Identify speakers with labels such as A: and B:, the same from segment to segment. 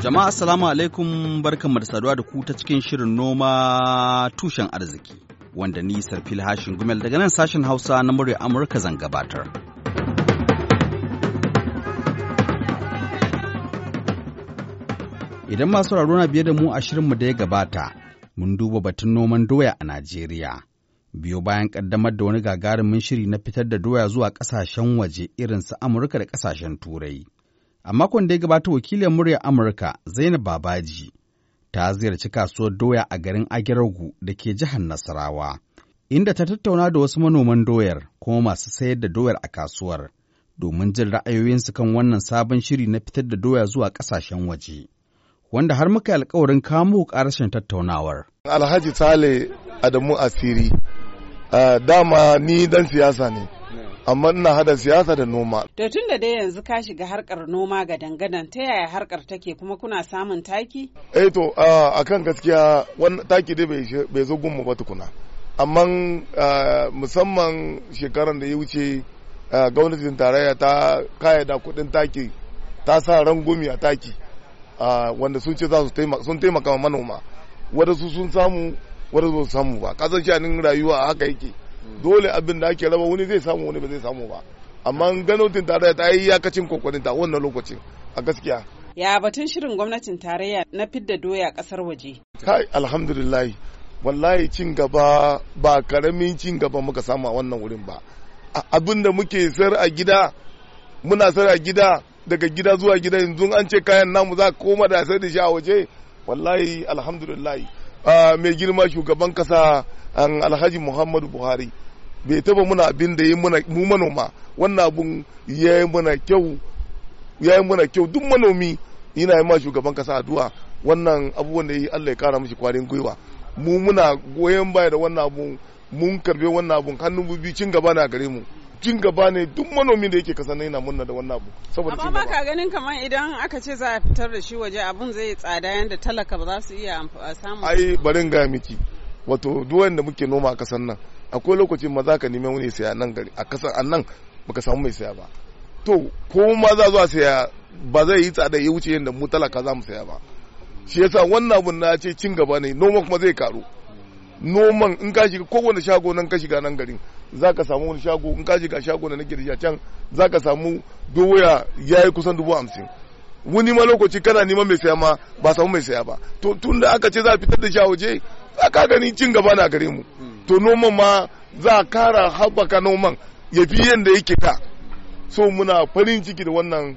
A: Jama'a assalamu alaikum barkanmu da saduwa da ku ta cikin shirin noma tushen arziki wanda ni Sarfil Hashin Gumel daga nan sashen Hausa na murya Amurka zan gabatar. Idan masu na biye da mu a shirinmu da ya gabata, mun duba batun noman doya a Najeriya. Biyo bayan kaddamar da wani gagarumin shiri na fitar da doya zuwa ƙasashen waje irin su Amurka da ƙasashen Turai. A makon da ya gabata wakilin muryar Amurka Zainab Babaji ta ziyarci kasuwar doya a garin agirogu da ke jihar Nasarawa, inda ta tattauna da wasu manoman doyar kuma masu sayar da doyar a kasuwar domin jin ra'ayoyinsu kan wannan sabon shiri na fitar da doya zuwa kasashen waje. Wanda har muka yi alkawarin kamo ƙarashin tattaunawar.
B: Alhaji Sale Adamu Asiri, dama ni dan siyasa ne. amma ina hada siyasa da noma.
C: To tun da dai yanzu ka shiga harkar noma ga dangadan ta yaya harkar take kuma kuna samun taki?
B: Eh to a kan gaskiya wannan taki dai bai zo gunmu ba tukuna. Amma musamman shekaran da ya wuce gwamnatin tarayya ta kayyada kuɗin taki ta sa rangumi a taki wanda sun ce za su sun taimaka manoma. Wadansu sun samu wadansu ba su samu ba. Kasan shanin rayuwa haka yake. dole abin da ake raba wani zai samu wani ba zai samu ba amma ganotin tarayya ta yi yakacin kokarin ta wannan lokacin a gaskiya
C: ya batun shirin gwamnatin tarayya na fidda doya kasar waje
B: kai alhamdulillah wallahi cin gaba ba karamin cin gaba muka samu a wannan wurin ba abin da muke sar a gida muna sar a gida daga gida zuwa gida yanzu an ce kayan namu za koma da sai da shi a waje wallahi alhamdulillah ah, mai girma shugaban kasa alhaji muhammadu buhari bai taba muna abin da yi muna mu manoma wannan abun ya yi muna kyau ya yi muna kyau duk manomi yana yi ma shugaban kasa addu'a wannan abubuwan da yi Allah ya kara mishi kwarin gwiwa mu muna goyon baya da wannan abun mun karbe wannan abun hannun bubi cin gaba na gare mu cin gaba ne duk manomi da yake kasa na yana murna da wannan abu saboda cin gaba ka
C: ganin kamar idan aka ce za a fitar da shi waje abun zai tsada yanda talaka ba za su iya samu
B: ai barin ga miki wato duk da muke noma a kasan nan akwai lokacin ma za ka nemi wani saya nan gari a kasan an nan baka samu mai saya ba to ko ma za zuwa saya ba zai yi tsada ya wuce yadda mu talaka za mu saya ba shi yasa wannan abun na ce cin gaba ne noma kuma zai karu noman in ka shiga kowane shago nan ka shiga nan garin za ka samu wani shago in ka shiga shago na nake da can za ka samu doya ya yi kusan dubu hamsin wani ma lokaci kana neman mai saya ma ba samu mai saya ba to tun da aka ce za a fitar da shi a waje za ka gani cin gaba na gare mu to noman ma za a kara haɓaka noman ya fi yadda yake ta so muna farin ciki da wannan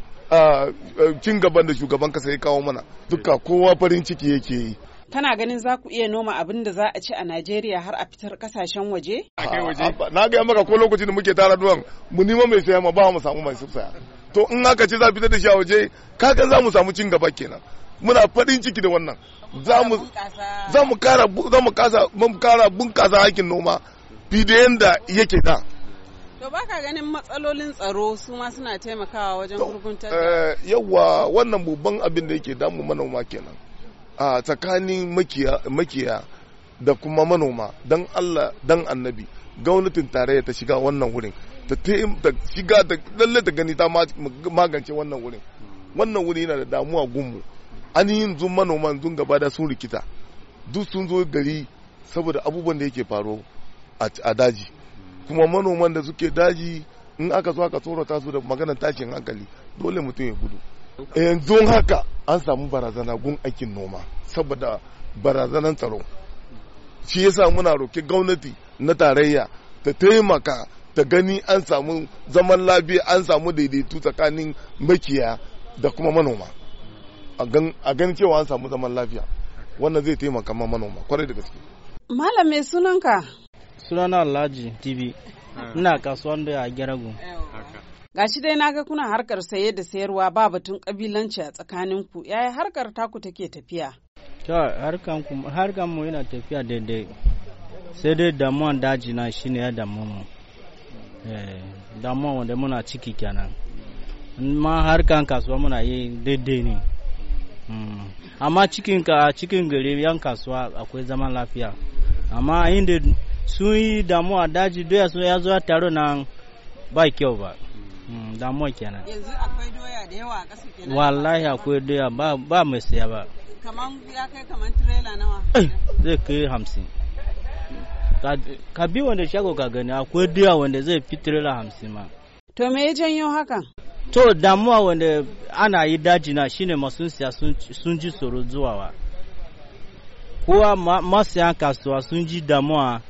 B: cin gaban da shugaban kasa ya kawo mana duka kowa farin ciki yake yi
C: kana ganin za ku iya noma abin da za a ci a Najeriya har a fitar kasashen waje?
B: Na gaya maka ko lokacin da muke tara duwan mu nima mai saya ma ba mu samu mai saya. To in haka ce za a fitar da shi a waje kaga za mu samu cin gaba kenan. muna farin ciki da wannan za mu kara bunkasa aikin noma fidayen da yake da
C: to ba ka ganin matsalolin tsaro su ma suna taimakawa wajen gurguntar eh,
B: yawa wannan babban abin da yake damu manoma kenan a tsakanin makiya da kuma manoma don allah don annabi gwamnatin tare ta shiga wannan wurin ta shiga ta lalle ta gani ta magance wannan wurin wannan wuri yana da damuwa gunmu an yi zun manoman zun gaba da sun rikita duk sun zo gari saboda abubuwan da yake faro a daji kuma manoman da suke daji in aka zo aka tsorata su da maganar tashin hankali dole mutum ya gudu eh, yanzu haka an samu barazana gun aikin noma saboda barazanan tsaro shi yasa muna roki gwamnati na tarayya ta taimaka ta gani an samu zaman lafiya an samu daidaitu tsakanin makiya da kuma manoma a gan cewa an samu zaman lafiya wannan zai taimaka ma manoma kwarai da gaske
C: malam mai sunanka
B: sunana alhaji tv ina kasuwan
D: da a gyarago
C: gashi dai naga kuna harkar saye da sayarwa ba batun kabilanci a tsakanin ku yaya harkar taku take tafiya
D: harkar mu yana tafiya daidai sai dai damuwan daji na shi ne ya damu mu eh, damuwan wanda muna ciki kenan ma harkan kasuwa muna yi daidai ne Hmm. amma cikin ka cikin gari yan kasuwa akwai zaman lafiya amma inda sun yi damuwa daji doya sun ya zuwa taro nan ba kyau ba hmm, damuwa kenan
C: yanzu akwai doya da yawa a ƙasa kenan
D: wallahi akwai doya ba mai siya ba
C: kaman ya kai kaman trailer nawa eh,
D: zai kai hamsin ka bi wanda shago ka gani akwai doya wanda zai fi trela hamsin ma
C: to me ya janyo hakan
D: to damuwa wanda ana yi daji na shine masu siya sun ji tsoro wa? kuwa masu kasuwa sun ji damuwa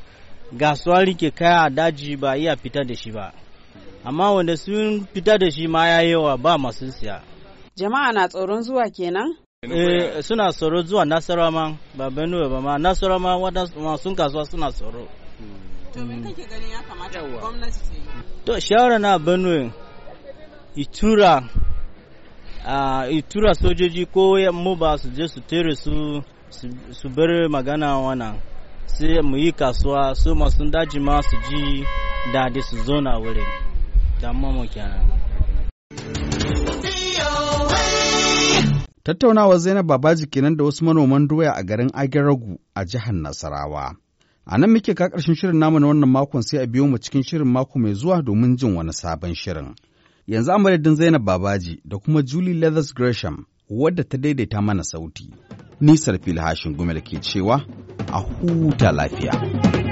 D: gasuwa ke kaya a daji ba iya fita da shi ba amma wanda sun fita da shi ma ya yawa ba masu siya
C: jama'a na tsoron zuwa kenan
D: eh suna tsoro zuwa nasarawa ma ba benue ba ma nasarawa ma masu kasuwa suna tsoro to me kake ganin
C: ya kamata gwamnati
D: to shawara na benue itura itura sojoji ko mu ba su je su tere su su bar magana wannan sai mu yi kasuwa su masu daji ma su ji dadi su zona wurin mu kenan
A: tattaunawar zainab babaji kenan da wasu manoman doya a garin agaragu a jihar nasarawa a nan muke ka karshen shirin namu na wannan makon sai a biyo mu cikin shirin mako mai zuwa domin jin wani sabon shirin Yanzu a Zainab Babaji da kuma Julie Leathers Gresham wadda ta daidaita mana sauti. Nisar filhashin gumel ke cewa a huta lafiya.